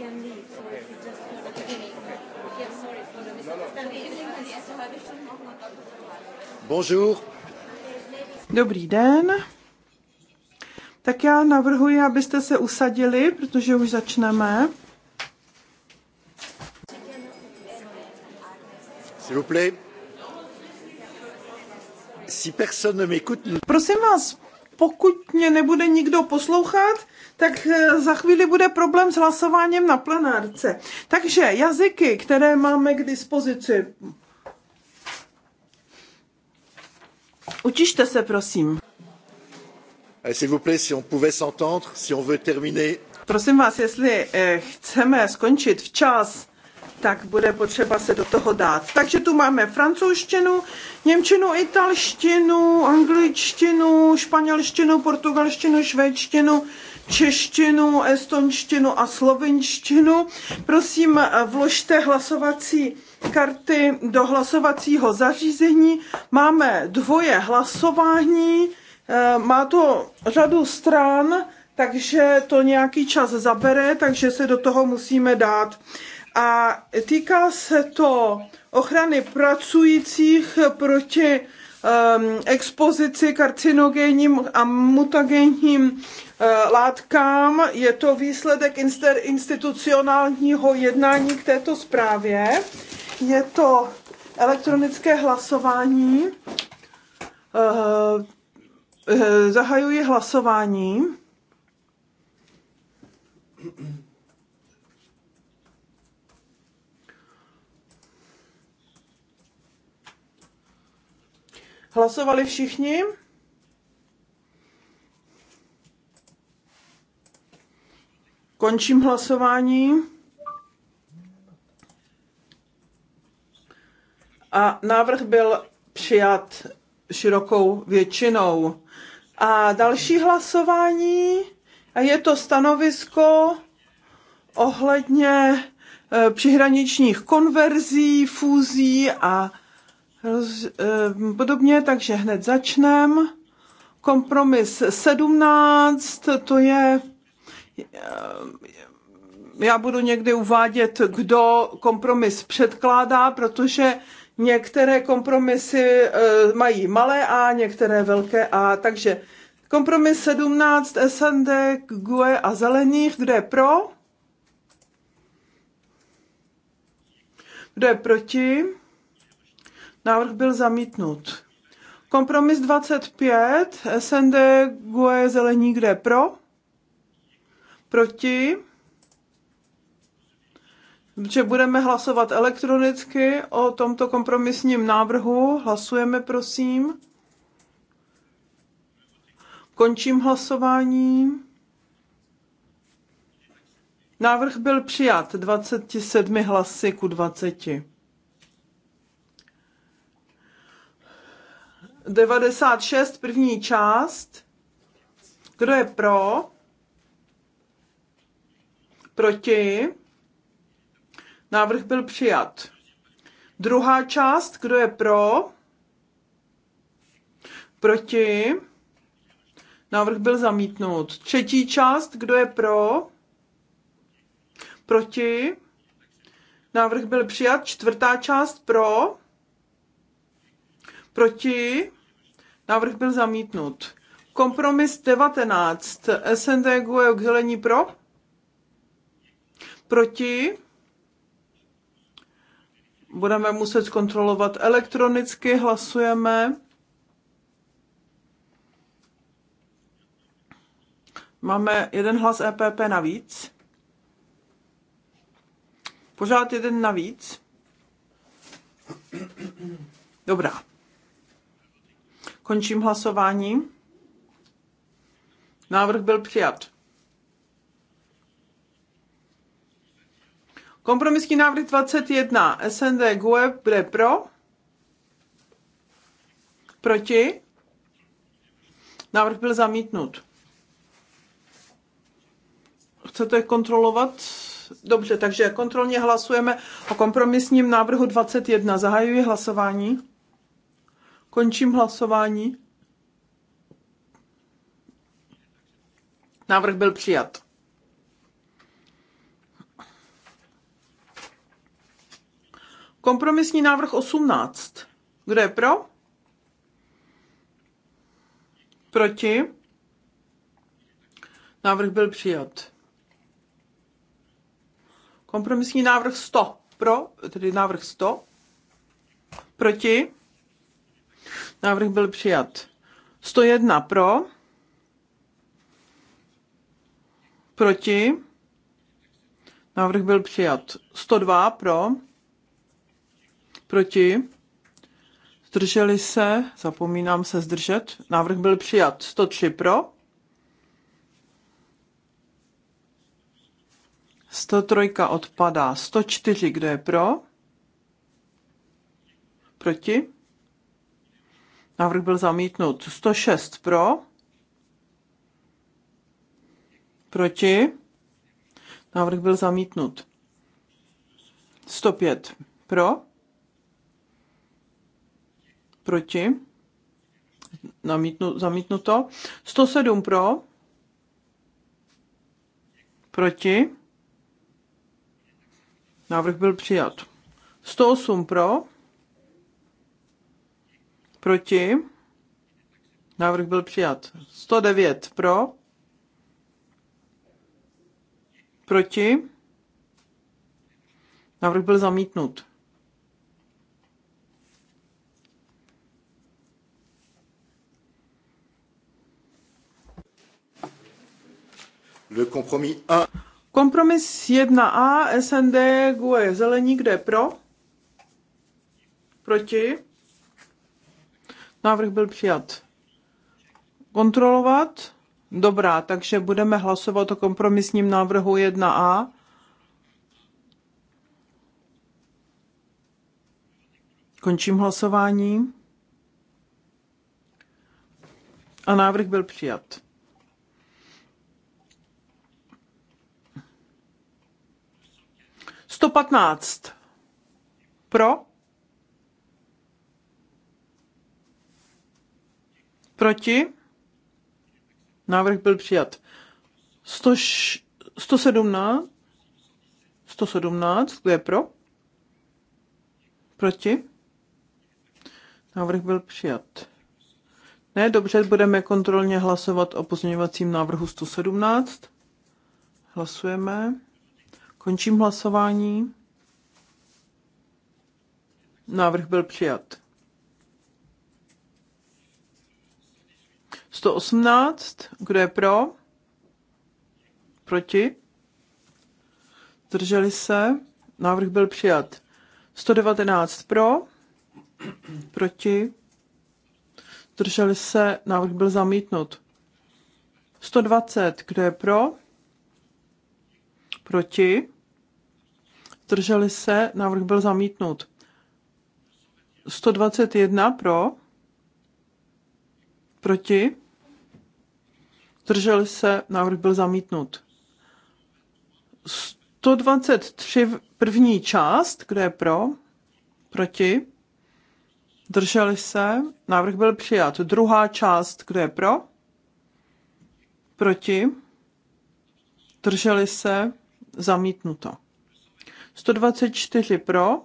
can leave or if you just have okay. okay. Okay, sorry for the misunderstanding. No, no. Bonjour. Dobrý den. Tak já navrhuji, abyste se usadili, protože už začneme. S'il vous plaît. Si personne ne m'écoute. Prosím vás, pokud mě nebude nikdo poslouchat, tak eh, za chvíli bude problém s hlasováním na plenárce. Takže jazyky, které máme k dispozici. Učište se, prosím. Eh, s'il vous plaît, si on s'entendre, si on veut terminer. Prosím vás, jestli eh, chceme skončit včas, tak bude potřeba se do toho dát. Takže tu máme francouzštinu, němčinu, italštinu, angličtinu, španělštinu, portugalštinu, švédštinu, češtinu, estonštinu a slovinštinu. Prosím, vložte hlasovací karty do hlasovacího zařízení. Máme dvoje hlasování, eh, má to řadu stran, takže to nějaký čas zabere, takže se do toho musíme dát a týká se to ochrany pracujících proti um, expozici karcinogenním a mutagenním uh, látkám. Je to výsledek institucionálního jednání k této zprávě. Je to elektronické hlasování. Uh, uh, zahajuji hlasování. Hlasovali všichni? Končím hlasování. A návrh byl přijat širokou většinou. A další hlasování, a je to stanovisko ohledně eh, přihraničních konverzí, fúzí a roz, eh, podobně, takže hned začneme. Kompromis 17, to je eh, já budu někdy uvádět, kdo kompromis předkládá, protože některé kompromisy eh, mají malé A, některé velké A, takže kompromis 17 SND, GUE a zelených, kdo je pro? Kdo je proti? Návrh byl zamítnut. Kompromis 25, SND, GUE, zelení, kde pro? Proti? Že budeme hlasovat elektronicky o tomto kompromisním návrhu. Hlasujeme, prosím. Končím hlasování. Návrh byl přijat 27 hlasy ku 20. 96, první část. Kdo je pro? Proti? Návrh byl přijat. Druhá část, kdo je pro? Proti? Návrh byl zamítnut. Třetí část, kdo je pro? Proti? Návrh byl přijat. Čtvrtá část pro? Proti? Návrh byl zamítnut. Kompromis 19. SND GUE zelení pro? Proti? Budeme muset kontrolovat elektronicky, hlasujeme. Máme jeden hlas EPP navíc. Pořád jeden navíc. Dobrá. Končím hlasování. Návrh byl přijat. Kompromisní návrh 21. SND GUE bude pro. Proti. Návrh byl zamítnut. Chcete kontrolovat? Dobře, takže kontrolně hlasujeme o kompromisním návrhu 21. Zahajuji hlasování. Končím hlasování. Návrh byl přijat. Kompromisní návrh 18. Kdo je pro? Proti? Návrh byl přijat. Kompromisní návrh 100. Pro, tedy návrh 100. Proti? Návrh byl přijat. 101 pro, proti, návrh byl přijat. 102 pro, proti, zdrželi se, zapomínám se zdržet, návrh byl přijat. 103 pro, 103 odpadá, 104, kdo je pro, proti, Návrh byl zamítnut. 106 pro. Proti. Návrh byl zamítnut. 105 pro. Proti. Namítnu, zamítnuto. 107 pro. Proti. Návrh byl přijat. 108 pro. Proti? Návrh byl přijat. 109 pro. Proti? Návrh byl zamítnut. Le compromis A. Kompromis 1A, SND, GUE, zelení, kde pro? Proti? Návrh byl přijat. Kontrolovat? Dobrá, takže budeme hlasovat o kompromisním návrhu 1a. Končím hlasování. A návrh byl přijat. Sto patnáct. Pro? Proti? Návrh byl přijat. 100, 117? 117, kdo je pro? Proti? Návrh byl přijat. Ne, dobře, budeme kontrolně hlasovat o pozměňovacím návrhu 117. Hlasujeme. Končím hlasování. Návrh byl přijat. 118, kdo je pro? Proti? Zdrželi se? Návrh byl přijat. 119 pro? Proti? Zdrželi se? Návrh byl zamítnut. 120, kdo je pro? Proti? Zdrželi se? Návrh byl zamítnut. 121 pro? Proti? zdrželi se, návrh byl zamítnut. 123 první část, kde je pro, proti, zdrželi se, návrh byl přijat. Druhá část, kde je pro, proti, zdrželi se, zamítnuto. 124 pro,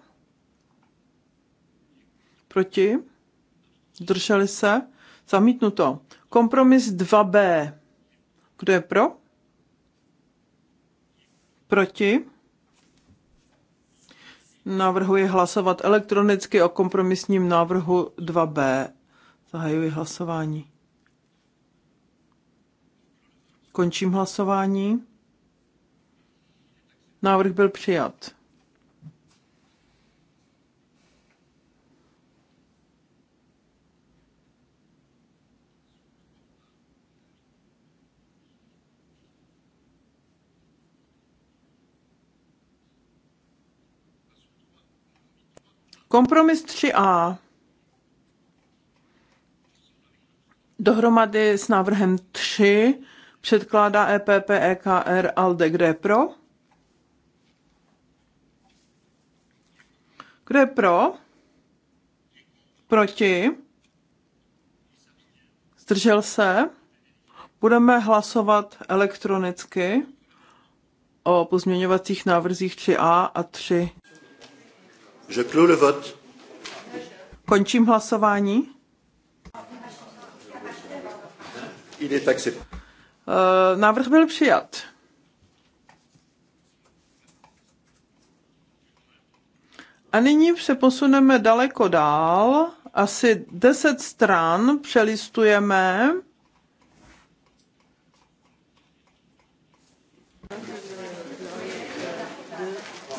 proti, zdrželi se, zamítnuto. Kompromis 2b kdo je pro? Proti? Navrhuji hlasovat elektronicky o kompromisním návrhu 2b. Zahajuji hlasování. Končím hlasování. Návrh byl přijat. Kompromis 3a dohromady s návrhem 3 předkládá EPP, EKR, ALDE, kde je pro? Kde pro? Proti? Zdržel se? Budeme hlasovat elektronicky o pozměňovacích návrzích 3A a 3. Končím hlasování. Eh, návrh byl přijat. A nyní se posuneme daleko dál. Asi 10 stran přelistujeme.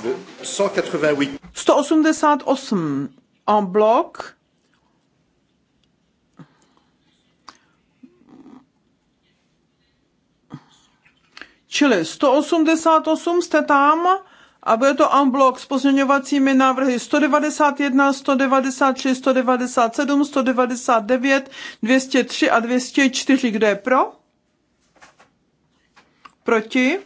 Le 188. 188 en bloc. Čili 188 jste tam a bude to en bloc s pozměňovacími návrhy 191, 193, 197, 199, 203 a 204. Kdo je pro? Proti?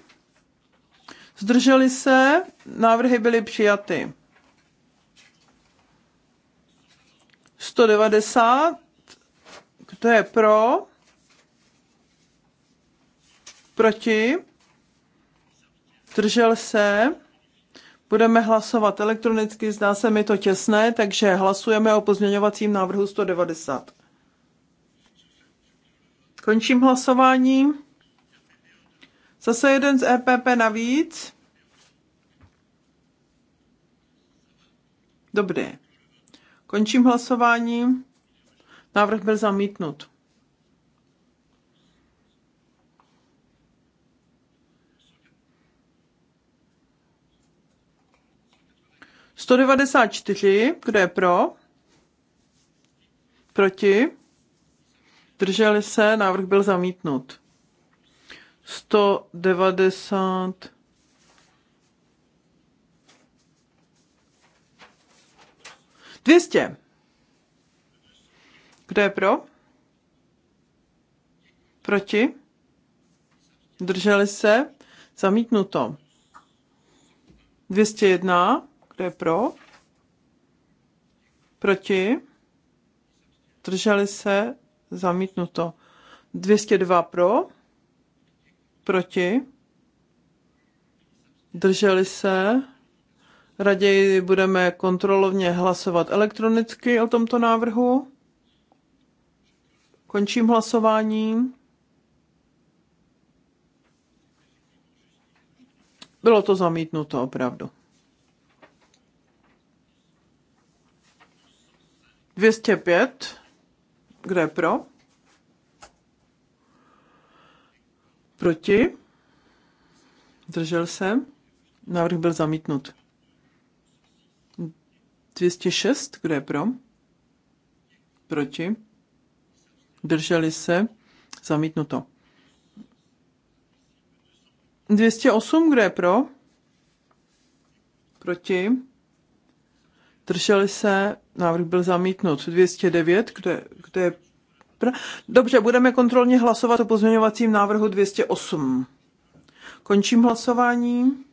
Zdrželi se? Návrhy byly přijaty. 190, kdo je pro, proti, držel se, budeme hlasovat elektronicky, zdá se mi to těsné, takže hlasujeme o pozměňovacím návrhu 190. Končím hlasování. Zase jeden z EPP navíc. Dobrý. Končím hlasování. Návrh byl zamítnut. Sto devadesát čtyři, kdo je pro? Proti? Drželi se, návrh byl zamítnut. 190 200. Kdo je pro? Proti? Drželi se? Zamítnuto. 201. Kdo je pro? Proti? Drželi se? Zamítnuto. 202 pro? Proti? Drželi se? Raději budeme kontrolovně hlasovat elektronicky o tomto návrhu. Končím hlasování. Bylo to zamítnuto opravdu. 205. Kdo je pro? Proti? Držel se. Návrh byl zamítnut. 206, kdo je pro? Proti? Drželi se? Zamítnuto. 208, kdo je pro? Proti? Drželi se? Návrh byl zamítnut. 209, kdo je, kdo je pro? Dobře, budeme kontrolně hlasovat o pozměňovacím návrhu 208. Končím hlasování.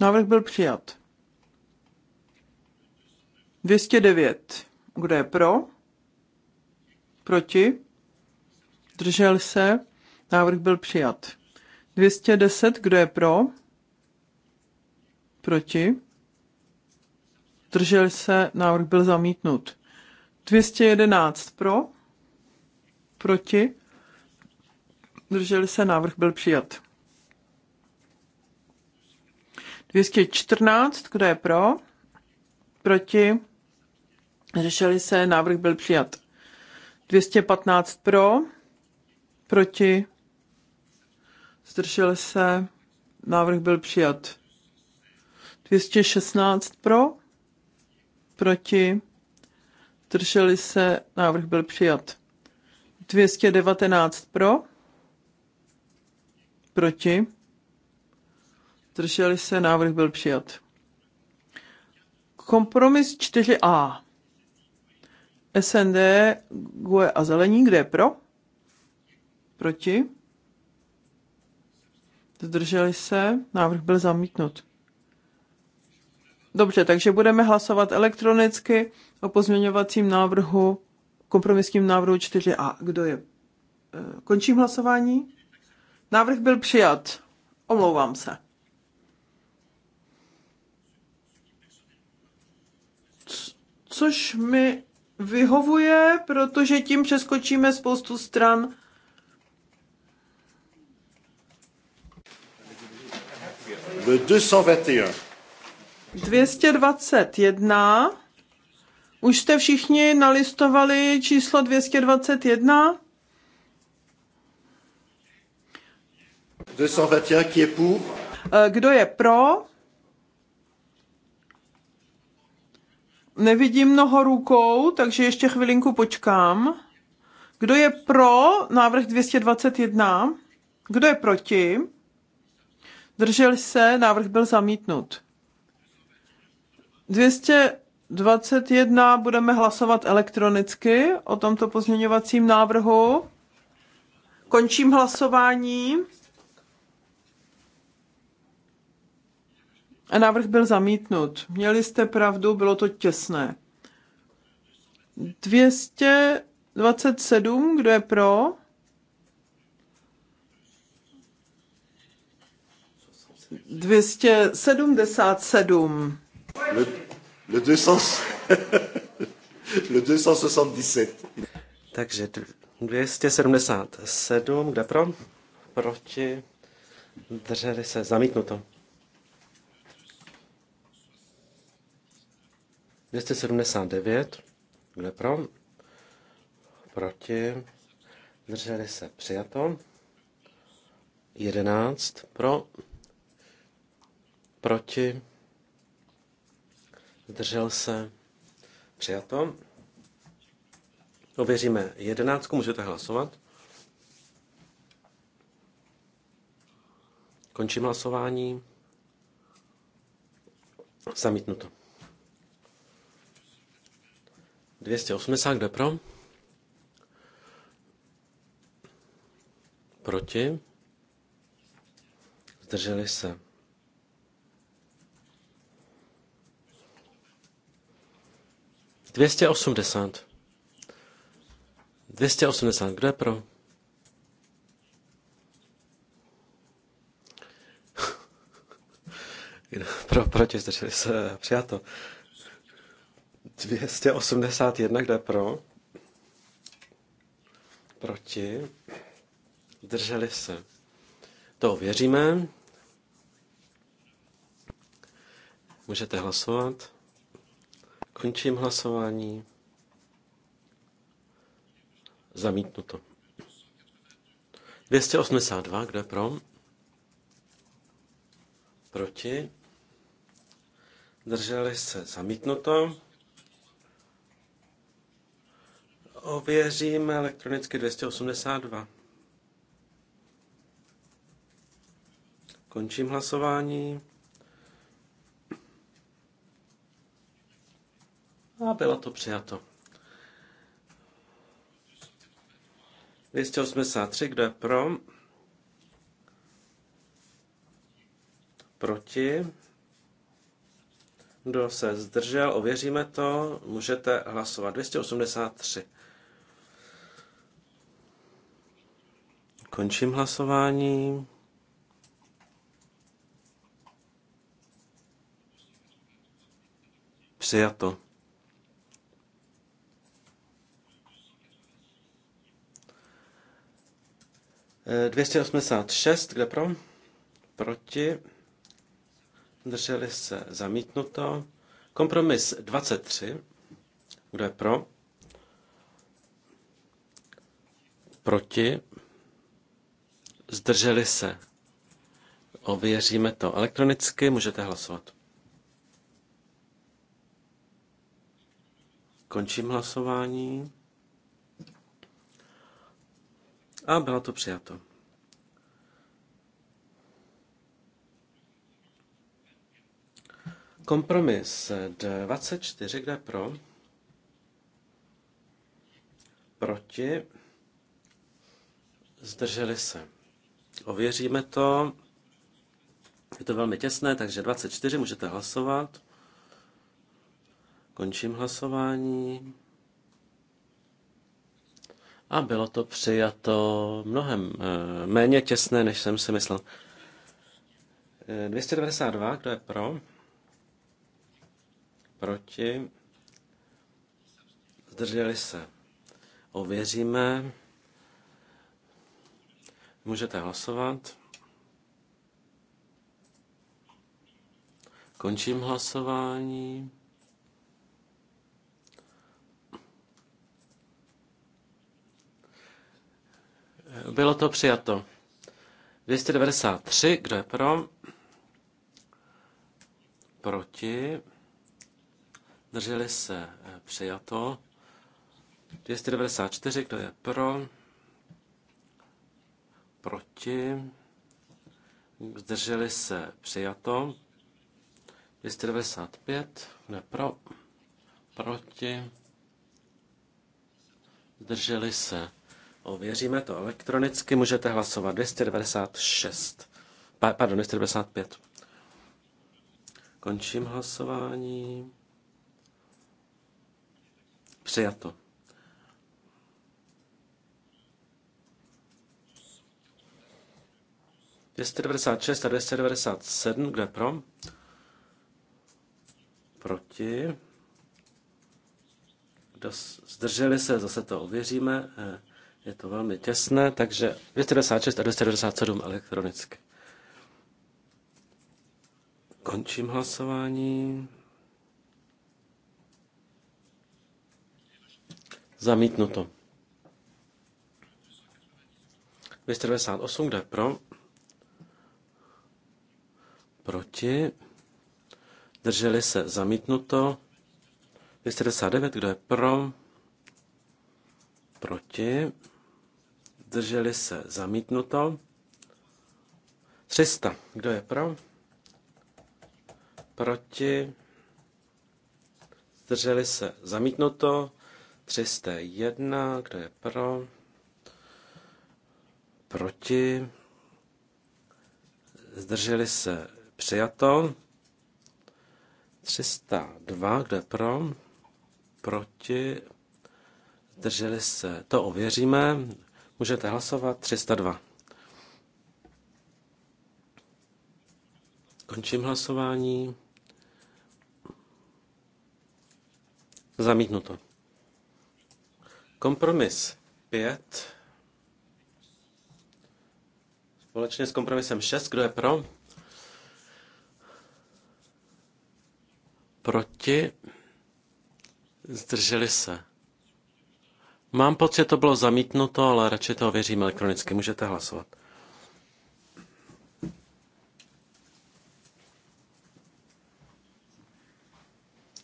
Návrh byl přijat. 209. Kdo je pro? Proti? Držel se? Návrh byl přijat. 210. Kdo je pro? Proti? Držel se? Návrh byl zamítnut. 211 pro? Proti? Drželi se? Návrh byl přijat. 214, kdo je pro? Proti? Řešili se, návrh byl přijat. 215 pro, proti, zdrželi se, návrh byl přijat. 216 pro, proti, zdrželi se, návrh byl přijat. 219 pro, proti, zdrželi se, návrh byl přijat. Kompromis 4a. SND, GUE a zelení, kde je pro? Proti? Zdrželi se, návrh byl zamítnut. Dobře, takže budeme hlasovat elektronicky o pozměňovacím návrhu, kompromisním návrhu 4a. Kdo je? Eh, končím hlasování. Návrh byl přijat. Omlouvám se. což mi vyhovuje, protože tím přeskočíme spoustu stran. Le 221. 221. Už jste všichni nalistovali číslo 221? 221, qui est pour? Eh, kdo je pro? Nevidím mnoho rukou, takže ještě chvilinku počkám. Kdo je pro návrh 221? Kdo je proti? Držel se, návrh byl zamítnut. 221 budeme hlasovat elektronicky o tomto pozměňovacím návrhu. Končím hlasování. A návrh byl zamítnut. Měli jste pravdu, bylo to těsné. 227, kdo je pro? 277. Le, le 200, le 277. Takže 277, kde pro? Proti, drželi se, zamítnuto. 279, kde pro? Proti. drželi se přijato. 11 pro. Proti. Zdržel se přijato. Ověříme 11 můžete hlasovat. Končím hlasování. Zamítnuto. 280, kde pro? Proti? Zdrželi se. Dvěstě osmdesát. Dvěstě osmdesát, kdo je pro? pro proti, zdrželi se. Přijato. 281, kde pro? Proti? Drželi se. To věříme. Můžete hlasovat. Končím hlasování. Zamítnuto. 282, kdo je pro? Proti? Drželi se zamítnuto. Ověříme elektronicky 282. Končím hlasování. A bylo to přijato. 283, kdo je pro? Proti? Kdo se zdržel? Ověříme to. Můžete hlasovat. 283. Končím hlasování. Přijato. E, eh, 286, kde pro? Proti. Drželi se zamítnuto. Kompromis 23. Kdo je pro? Proti zdrželi se. Ověříme to elektronicky, můžete hlasovat. Končím hlasování. A bylo to přijato. Kompromis 24, kde pro? Proti? Zdrželi se. Ověříme to. Je to velmi těsné, takže 24 můžete hlasovat. Končím hlasování. A bylo to přijato mnohem eh, méně těsné, než jsem si myslel. 292, eh, kdo je pro? Proti? Zdrželi se. Ověříme. Můžete hlasovat. Končím hlasování. Bylo to přijato. 293, kdo je pro? Proti. Drželi se eh, přijato. 294, kdo je pro? proti, zdrželi se přijato, 295, ne pro, proti, zdrželi se. Ověříme to elektronicky, můžete hlasovat 296, pa, pardon, 295. Končím hlasování. Přijato. 296 a 297, kde pro? Proti. Kdo zdrželi se, zase to ověříme. Eh, je to velmi těsné, takže 296 a 297 elektronicky. Končím hlasování. Zamítnuto. 298, kde pro? Proti? Drželi se zamítnuto. 299, kdo je pro? Proti? Drželi se zamítnuto. 300, kdo je pro? Proti? Zdrželi se zamítnuto. 301, kdo je pro? Proti? Zdrželi se Přijato. 302, kde pro? Proti. Drželi se. To ověříme. Můžete hlasovat. 302. Končím hlasování. Zamítnuto. Kompromis 5. Společně s kompromisem 6. Kdo je pro? Proti? Zdrželi se. Mám pocit, to bylo zamítnuto, ale radši to věřím elektronicky. Můžete hlasovat.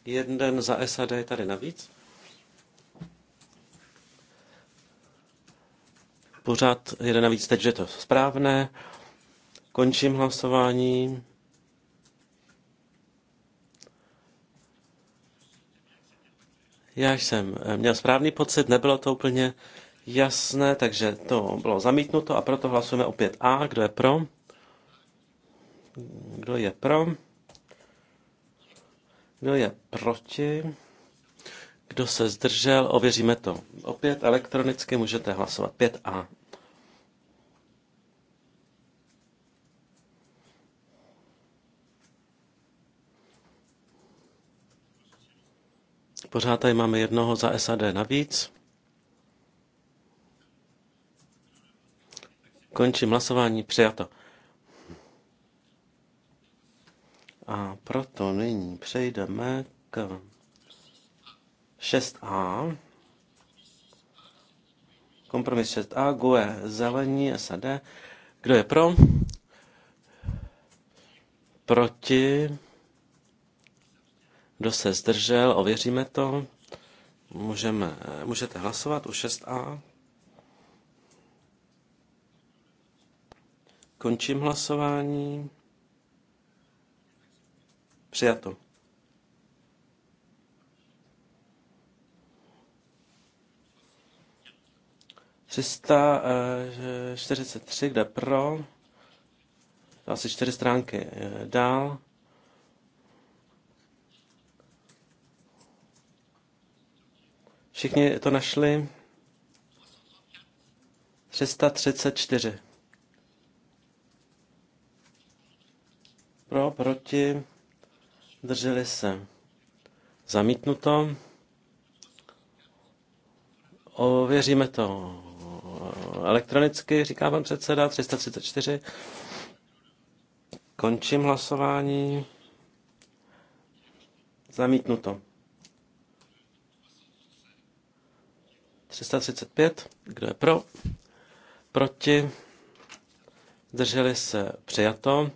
Jeden za SAD je tady navíc. Pořád jeden navíc, teď je to správné. Končím hlasování. Já jsem eh, měl správný pocit, nebylo to úplně jasné, takže to bylo zamítnuto a proto hlasujeme opět A. Kdo je pro? Kdo je pro? Kdo je proti? Kdo se zdržel? Ověříme to. Opět elektronicky můžete hlasovat. 5A. Pořád tady máme jednoho za SAD navíc. Končím hlasování, přijato. A proto nyní přejdeme k 6a. Kompromis 6a, GUE zelení, SAD. Kdo je pro? Proti? Kdo se zdržel, ověříme to. Můžeme, můžete hlasovat u 6a. Končím hlasování. Přijato. Přista, eh, čtyřicet tři, kde pro, asi čtyři stránky eh, dál. Všichni to našli. 334. Pro, proti, drželi se. Zamítnuto. Ověříme to elektronicky, říká pan předseda, 334. Končím hlasování. Zamítnuto. 335, kdo je pro? Proti? Zdrželi se přijato.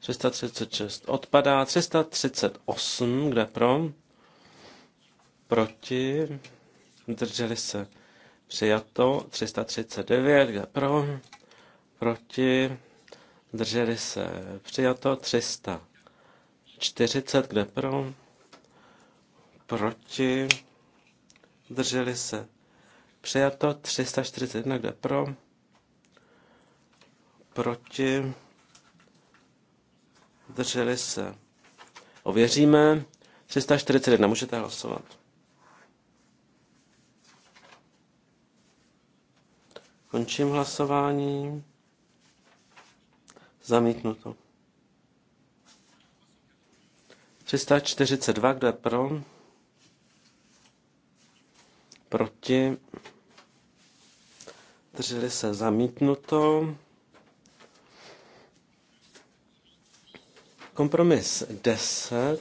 336 odpadá. 338, kde pro? Proti. Drželi se přijato. 339, kde pro? Proti. Drželi se přijato. 340, kde pro? proti, drželi se. Přijato 341, kde pro, proti, drželi se. Ověříme 341, můžete hlasovat. Končím hlasování. Zamítnuto. 342, kdo je pro? proti, drželi se zamítnuto. Kompromis 10,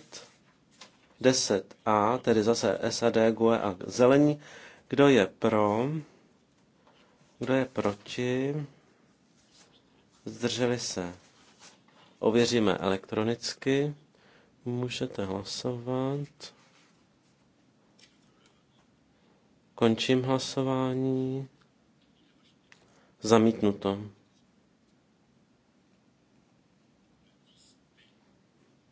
10a, tedy zase SAD, GUE a zelení. Kdo je pro? Kdo je proti? Zdrželi se. Ověříme elektronicky. Můžete hlasovat. Končím hlasování. Zamítnuto.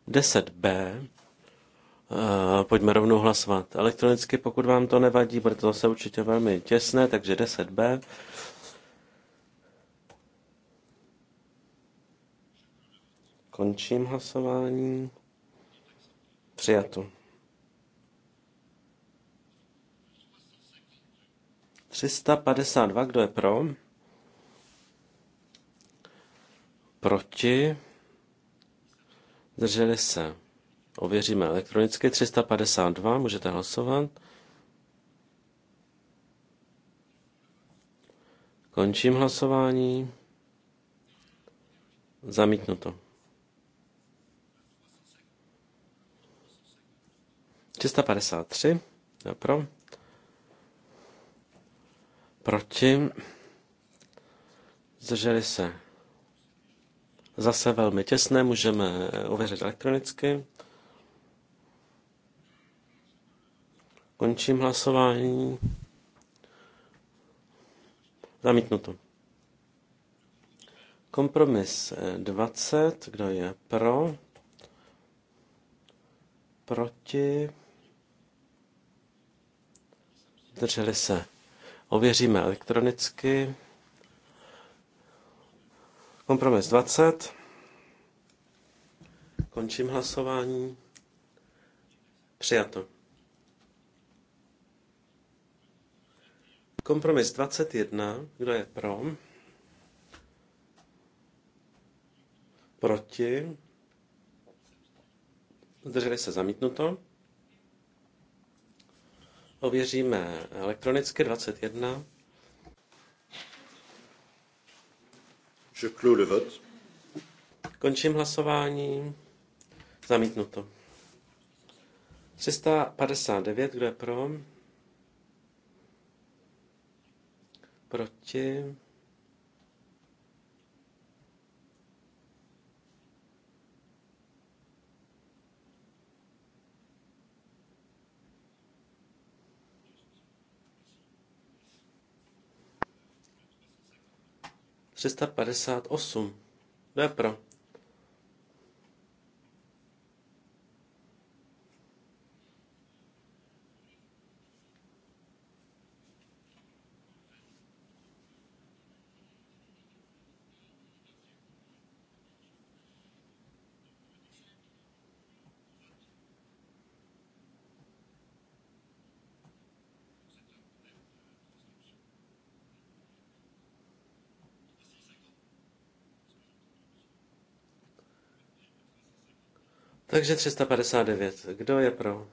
Deset B. Eh, pojďme rovnou hlasovat. Elektronicky, pokud vám to nevadí, bude to zase určitě velmi těsné, takže 10B. Končím hlasování. Přijatu. 352, kdo je pro? Proti? Zdrželi se. Ověříme elektronicky. 352, můžete hlasovat. Končím hlasování. Zamítnuto. 353, pro. Proti? Zdrželi se. Zase velmi těsné, můžeme ověřit elektronicky. Končím hlasování. Zamítnuto. Kompromis 20. Kdo je pro? Proti? Zdrželi se. Ověříme elektronicky. Kompromis 20. Končím hlasování. Přijato. Kompromis 21. Kdo je pro? Proti? Zdrželi se zamítnuto. Ověříme elektronicky 21. Je clôt le vote. Končím hlasování. Zamítnuto. 359, kdo je pro? Proti? 358. Kdo Takže 359. Kdo je pro?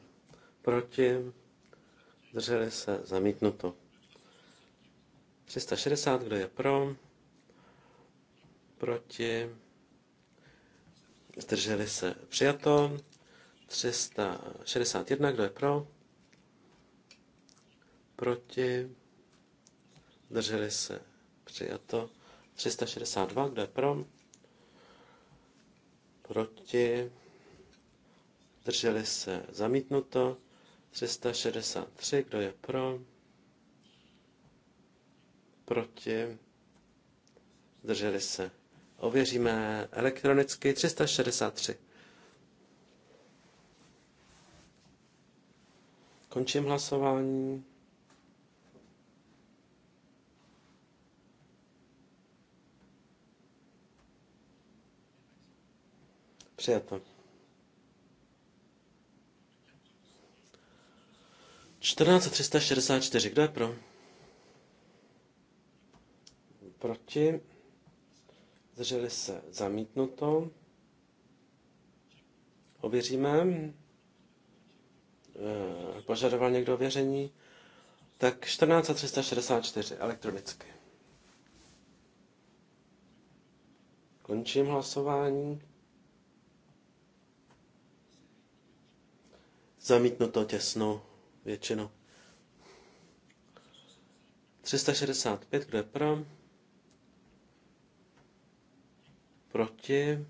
Proti? Drželi se? Zamítnuto. 360. Kdo je pro? Proti? Zdrželi se? Přijato. 361. Kdo je pro? Proti? Drželi se? Přijato. 362. Kdo je pro? Proti? zdrželi se zamítnuto, 363, kdo je pro, proti, zdrželi se. Ověříme elektronicky 363. Končím hlasování. Přijato. 1464, kdo je pro? Proti. Zdrželi se zamítnuto. Ověříme. Eh, požadoval někdo ověření? Tak 14364 elektronicky. Končím hlasování. Zamítnuto těsnou většinou. 365, kdo je pro? Proti?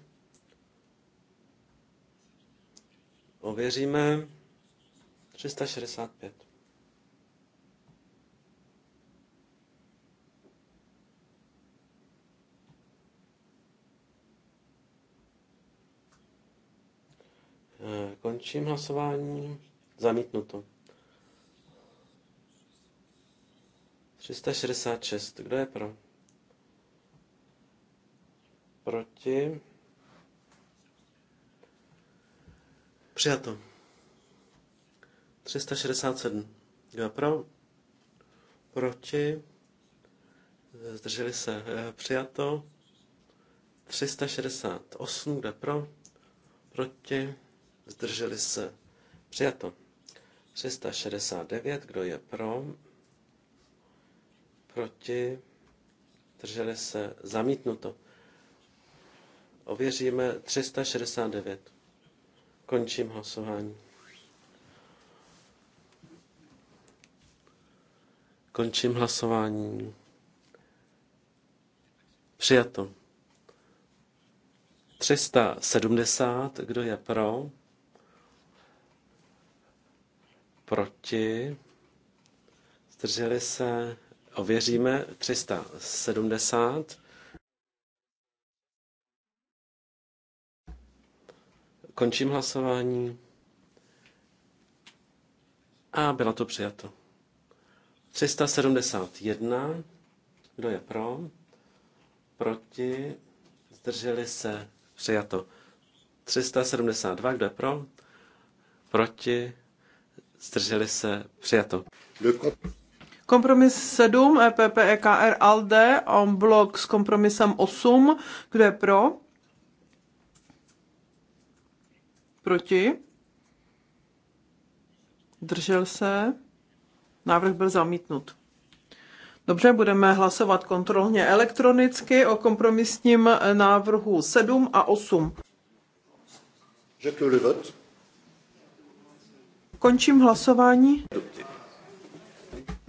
Ověříme. 365. Eh, končím hlasování. Zamítnuto. 366. Kdo je pro? Proti? Přijato. 367. Eh, Kdo je pro? Proti? Zdrželi se. Přijato. 368. Kdo je pro? Proti? Zdrželi se. Přijato. 369. Kdo je pro? proti, drželi se, zamítnuto. Ověříme 369. Končím hlasování. Končím hlasování. Přijato. 370, kdo je pro? Proti? Zdrželi se? Ověříme 370. Končím hlasování. A byla to přijato. 371. Kdo je pro? Proti? Zdrželi se? Přijato. 372. Kdo je pro? Proti? Zdrželi se? Přijato. Kompromis 7, EPP, EKR, ALDE, en blok s kompromisem 8. Kdo je pro? Proti? Držel se? Návrh byl zamítnut. Dobře, budeme hlasovat kontrolně elektronicky o kompromisním návrhu 7 a 8. Končím hlasování.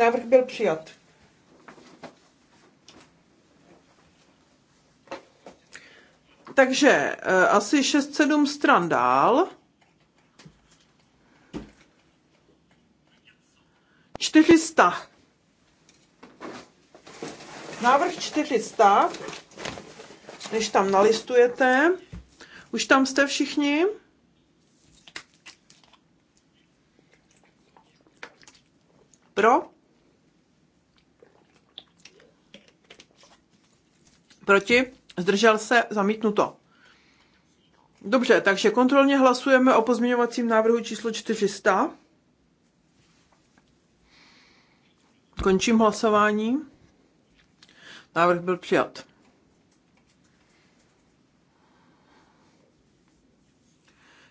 Návrh byl přijat. Takže eh, asi 6-7 stran dál. 400. Návrh 400, než tam nalistujete. Už tam jste všichni? Pro? proti, zdržel se, zamítnuto. Dobře, takže kontrolně hlasujeme o pozměňovacím návrhu číslo 400. Končím hlasování. Návrh byl přijat.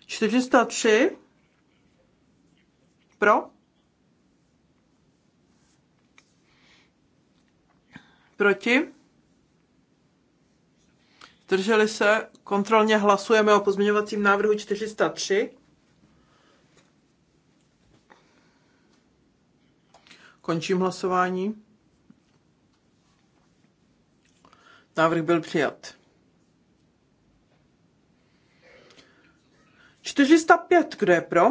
Čtyřista tři pro, proti, Zdrželi se? Kontrolně hlasujeme o pozměňovacím návrhu 403. Končím hlasování. Návrh byl přijat. 405, kdo je pro?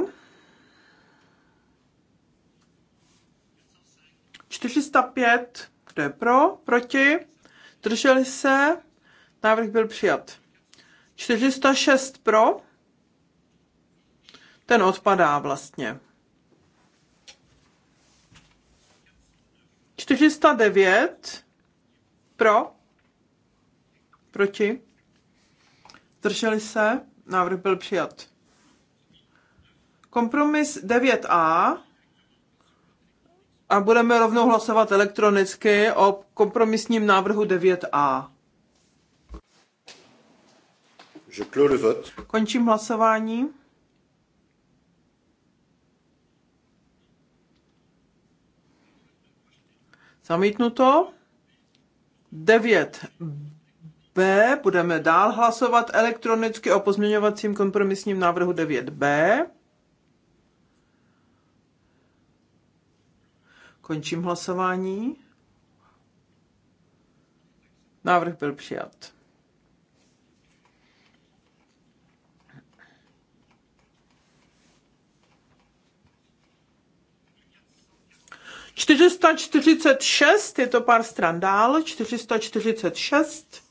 405, kdo je pro? Proti? Drželi se? Návrh byl přijat. 406 pro. Ten odpadá vlastně. 409 pro. Proti. Zdrželi se. Návrh byl přijat. Kompromis 9a a budeme rovnou hlasovat elektronicky o kompromisním návrhu 9a. Je clôt le vote. Končím hlasování. Zamítnuto. 9b. Budeme dál hlasovat elektronicky o pozměňovacím kompromisním návrhu 9b. Končím hlasování. Návrh byl přijat. 446, je to pár stran dál, 446.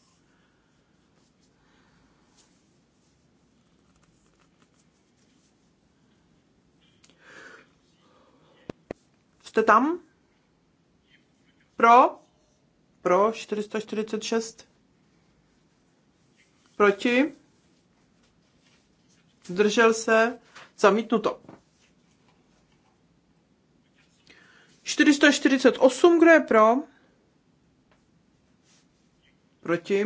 Jste tam? Pro? Pro 446. Proti? Zdržel se? Zamítnuto. 448, kdo je pro? Proti?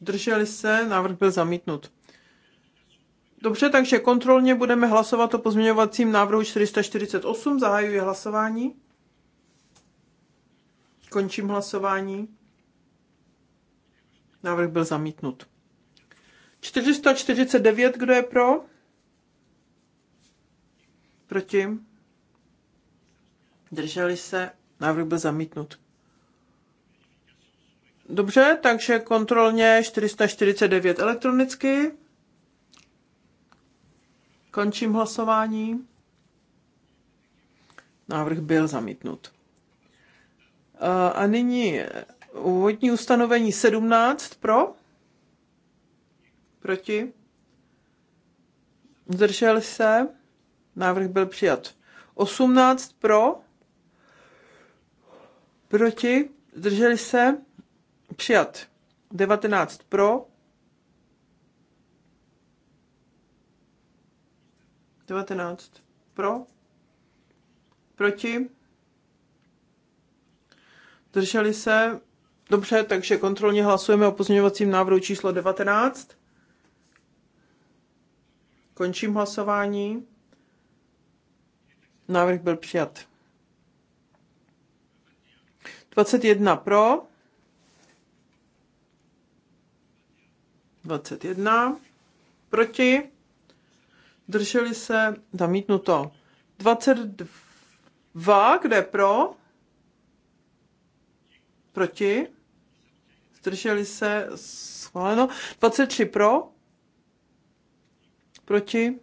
Drželi se, návrh byl zamítnut. Dobře, takže kontrolně budeme hlasovat o pozměňovacím návrhu 448. Zahajuji hlasování. Končím hlasování. Návrh byl zamítnut. 449, kdo je pro? Proti? Drželi se. Návrh byl zamítnut. Dobře, takže kontrolně 449 elektronicky. Končím hlasování. Návrh byl zamítnut. A nyní úvodní ustanovení 17 pro, proti, zdržel se, návrh byl přijat. 18 pro, proti, zdrželi se, přijat 19 pro, 19 pro, proti, zdrželi se, dobře, takže kontrolně hlasujeme o pozměňovacím návrhu číslo 19. Končím hlasování. Návrh byl přijat. 21 pro. 21 proti. Drželi se zamítnuto. 22, kde pro? Proti. Zdrželi se schváleno. 23 pro. Proti.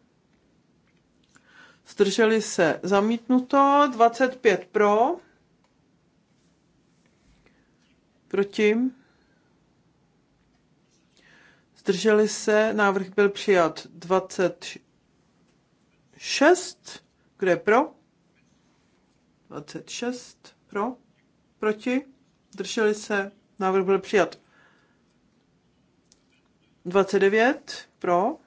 Zdrželi se zamítnuto. 25 pro Proti? Zdrželi se, návrh byl přijat 26. Kdo je pro? 26. Pro? Proti? Zdrželi se, návrh byl přijat 29. Pro?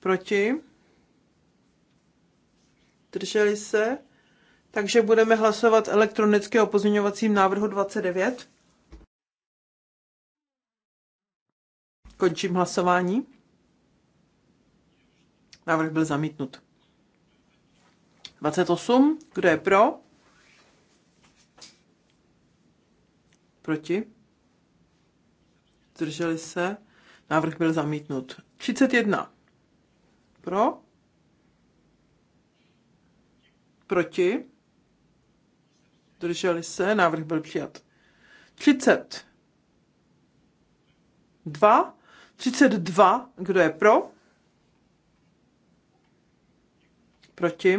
Proti? Zdrželi se? takže budeme hlasovat elektronicky o pozměňovacím návrhu 29. Končím hlasování. Návrh byl zamítnut. 28. Kdo je pro? Proti? Zdrželi se? Návrh byl zamítnut. 31. Pro? Proti? Zdrželi se, návrh byl přijat. 30. 2. 32. Kdo je pro? Proti?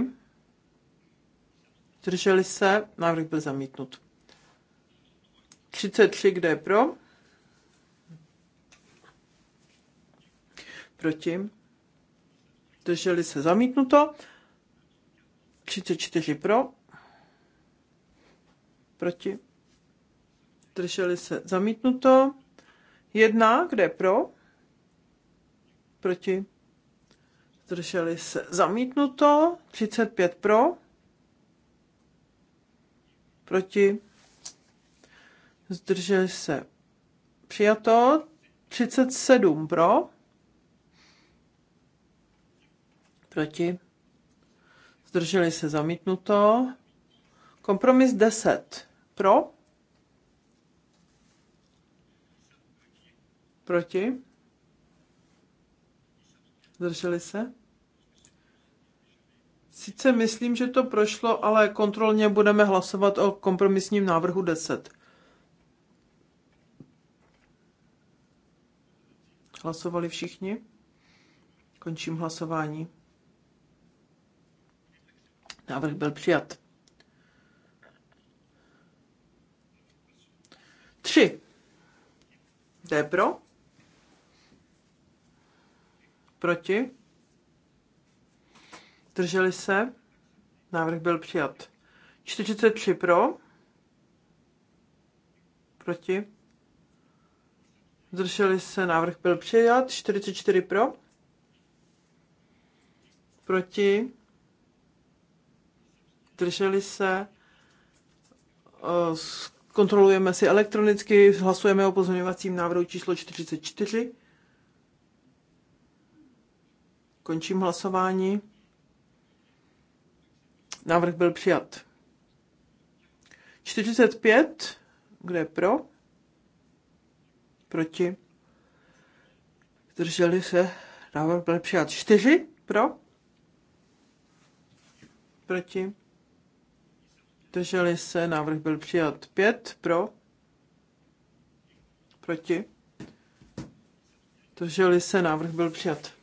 Zdrželi se, návrh byl zamítnut. 33. Kdo je pro? Proti? Zdrželi se, zamítnuto. 34 pro proti, drželi se zamítnuto. Jedna, kde pro, proti, zdrželi se zamítnuto. 35 pro, proti, zdrželi se přijato. 37 pro, proti, zdrželi se zamítnuto. Kompromis 10 pro? Proti? Zdrželi se? Sice myslím, že to prošlo, ale kontrolně budeme hlasovat o kompromisním návrhu 10. Hlasovali všichni? Končím hlasování. Návrh byl přijat. 3. To je pro? Proti? Drželi se? Návrh byl přijat. 43 pro? Proti? Drželi se, návrh byl přijat. 44 pro. Proti. Drželi se. Kontrolujeme si elektronicky, hlasujeme o pozměňovacím návrhu číslo 44. Končím hlasování. Návrh byl přijat. 45, kde je pro? Proti? Zdrželi se. Návrh byl přijat. 4 pro? Proti? zdrželi se, návrh byl přijat 5 pro, proti. Zdrželi se, návrh byl přijat.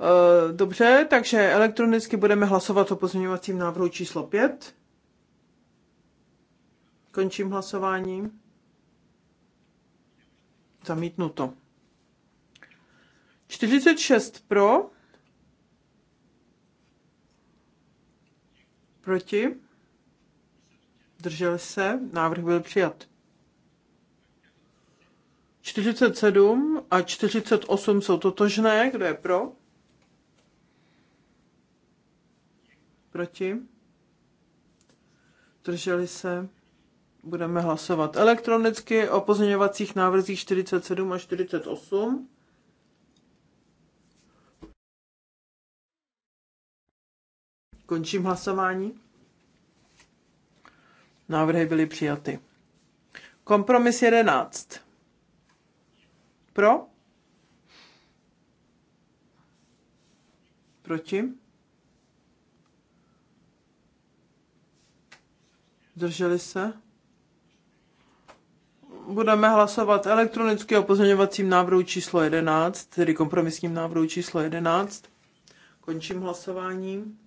E, dobře, takže elektronicky budeme hlasovat o pozměňovacím návrhu číslo 5. Končím hlasování. Zamítnuto. 46 pro. Proti zdržel se, návrh byl přijat. 47 a 48 jsou totožné, kdo je pro? Proti? Zdrželi se? Budeme hlasovat elektronicky o pozměňovacích návrzích 47 a 48. Končím hlasování. Návrhy byly přijaty. Kompromis 11. Pro? Proti? Zdrželi se? Budeme hlasovat elektronicky o pozměňovacím návrhu číslo 11, tedy kompromisním návrhu číslo 11. Končím hlasování.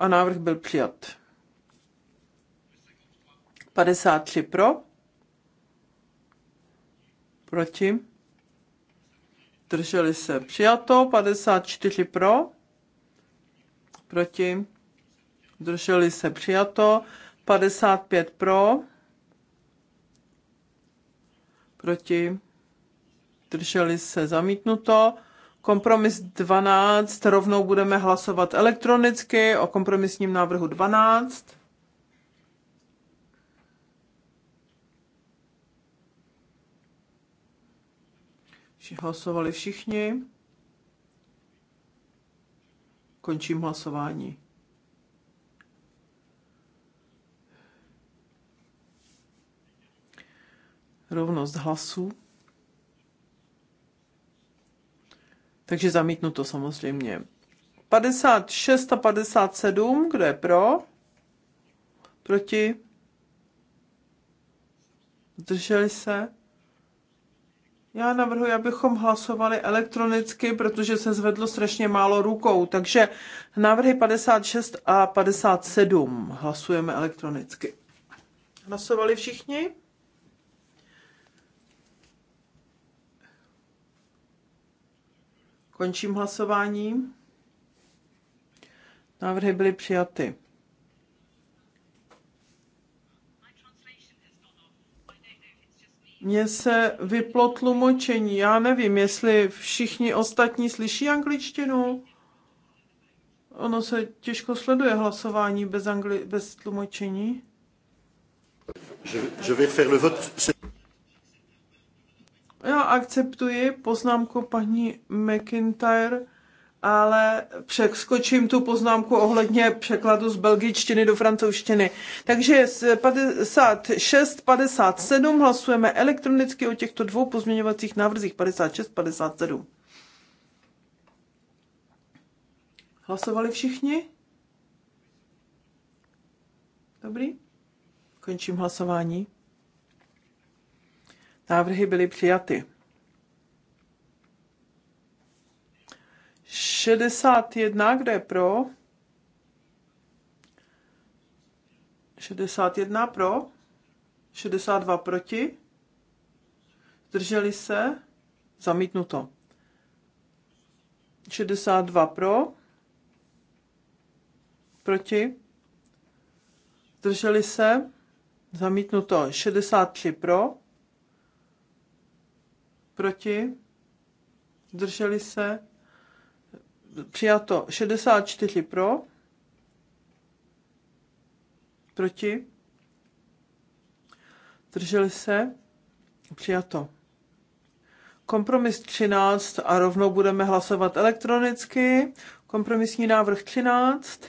A návrh byl přijat. 53 pro, proti, drželi se přijato, 54 pro, proti, drželi se přijato, 55 pro, proti, drželi se zamítnuto, kompromis 12, rovnou budeme hlasovat elektronicky o kompromisním návrhu 12. Hlasovali všichni. Končím hlasování. Rovnost hlasů. Takže zamítnu to samozřejmě. 56 a 57, kdo je pro? Proti? Zdrželi se? Já navrhuji, abychom hlasovali elektronicky, protože se zvedlo strašně málo rukou. Takže návrhy 56 a 57 hlasujeme elektronicky. Hlasovali všichni? Končím hlasování. Návrhy byly přijaty. Mně se vyplo tlumočení. Já nevím, jestli všichni ostatní slyší angličtinu. Ono se těžko sleduje hlasování bez, angli- bez tlumočení. Je, je faire le vote. Já akceptuji poznámku paní McIntyre ale přeskočím tu poznámku ohledně překladu z belgičtiny do francouzštiny. Takže 56, 57 hlasujeme elektronicky o těchto dvou pozměňovacích návrzích 56, 57. Hlasovali všichni? Dobrý? Končím hlasování. Návrhy byly přijaty. 61, kde je pro? 61 pro, 62 proti, zdrželi se, zamítnuto. 62 pro, proti, zdrželi se, zamítnuto. 63 pro, proti, zdrželi se, přijato 64 pro, proti, drželi se, přijato. Kompromis 13 a rovnou budeme hlasovat elektronicky. Kompromisní návrh 13.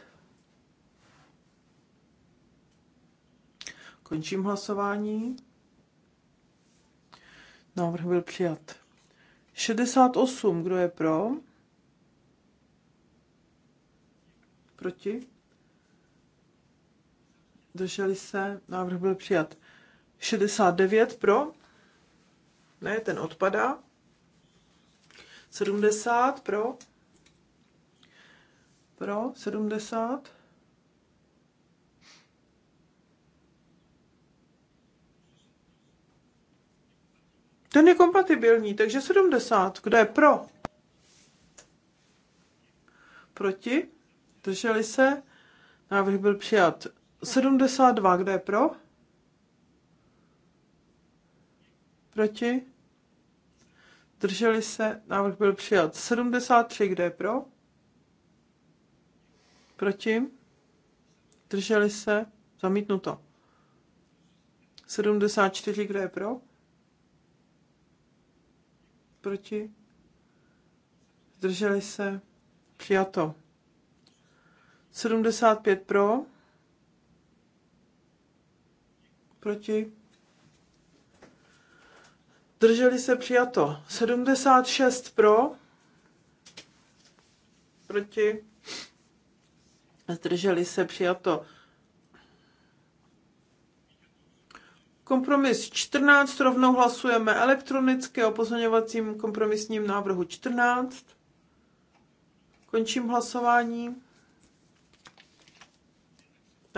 Končím hlasování. Návrh byl přijat. 68, kdo je pro? proti, drželi se, návrh byl přijat. 69 pro, ne, ten odpadá. 70 pro, pro, 70. Ten je kompatibilní, takže 70. Kdo je pro? Proti? zdrželi se, návrh byl přijat. 72, kdo je pro? Proti? Drželi se, návrh byl přijat. 73, kdo je pro? Proti? Drželi se, zamítnuto. 74, kdo je pro? Proti? Drželi se, přijato. 75 pro, proti, drželi se přijato. 76 pro, proti, zdrželi se přijato. Kompromis 14, rovnou hlasujeme elektronicky o pozměňovacím kompromisním návrhu 14. Končím hlasování.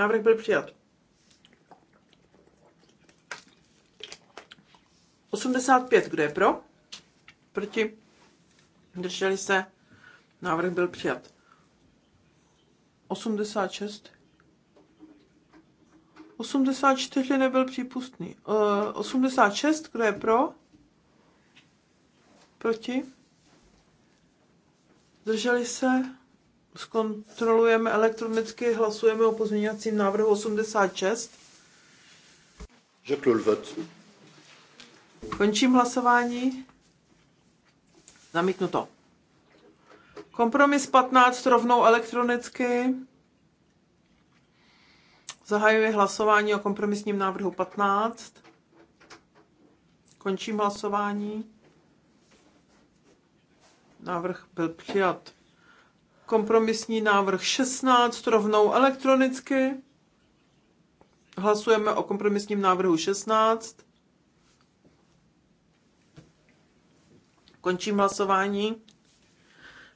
Návrh byl přijat. 85, kdo je pro? Proti? Drželi se? Návrh byl přijat. 86. 84 nebyl přípustný. Uh, eh, 86, kdo je pro? Proti? Drželi se? zkontrolujeme elektronicky, hlasujeme o pozměňovacím návrhu 86. Je Končím hlasování. Zamítnuto. Kompromis 15 rovnou elektronicky. Zahajuji hlasování o kompromisním návrhu 15. Končím hlasování. Návrh byl přijat. Kompromisní návrh 16 rovnou elektronicky. Hlasujeme o kompromisním návrhu 16. Končím hlasování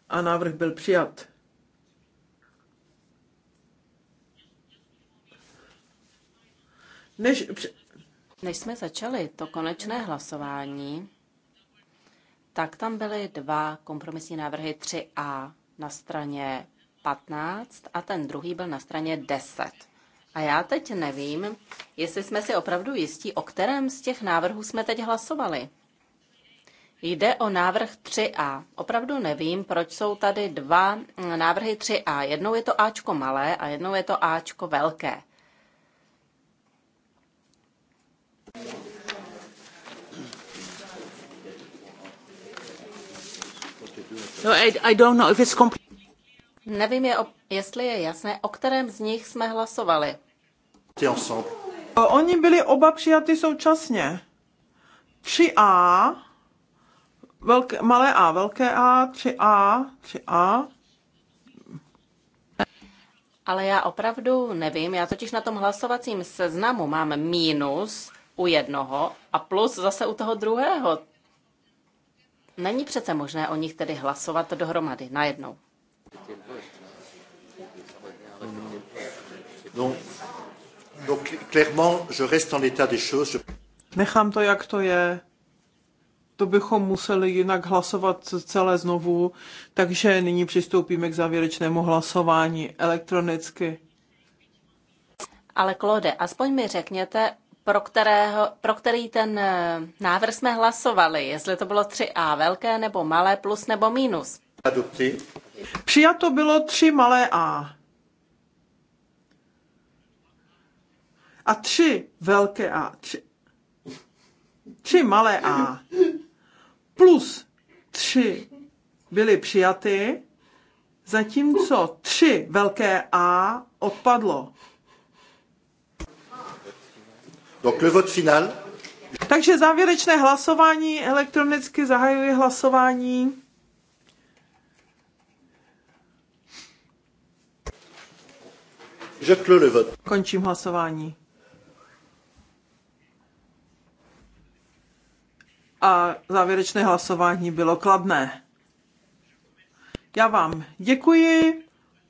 a návrh byl přijat. Než, Než jsme začali to konečné hlasování, tak tam byly dva kompromisní návrhy 3A na straně 15 a ten druhý byl na straně 10. A já teď nevím, jestli jsme si opravdu jistí, o kterém z těch návrhů jsme teď hlasovali. Jde o návrh 3A. Opravdu nevím, proč jsou tady dva návrhy 3A. Jednou je to Ačko malé a jednou je to Ačko velké. Nevím, je, jestli je jasné, o kterém z nich jsme hlasovali. Oni byli oba přijaty současně. 3A, velké, malé A, velké A, 3A, 3A. Ale já opravdu nevím, já totiž na tom hlasovacím seznamu mám mínus u jednoho a plus zase u toho druhého. Není přece možné o nich tedy hlasovat dohromady, najednou. Nechám to, jak to je. To bychom museli jinak hlasovat celé znovu, takže nyní přistoupíme k závěrečnému hlasování elektronicky. Ale Klode, aspoň mi řekněte, pro, kterého, pro který ten eh, návrh jsme hlasovali, jestli to bylo 3A velké nebo malé, plus nebo minus. Přijato bylo 3 malé A. A 3 velké A. 3 malé A. Plus 3 byly přijaty, zatímco 3 velké A odpadlo. Donc le vote final. Takže závěrečné hlasování, elektronicky zahajuje hlasování. Je clôt le vote. Končím hlasování. A závěrečné hlasování bylo kladné. Já vám děkuji.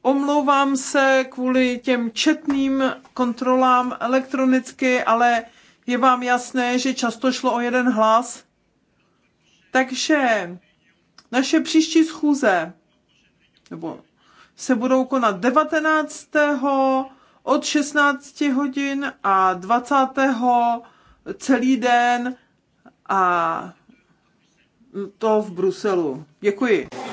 Omlouvám se kvůli těm četným kontrolám elektronicky, ale je vám jasné, že často šlo o jeden hlas. Takže naše příští schůze nebo se budou konat 19. od 16 hodin a 20. celý den a to v Bruselu. Děkuji.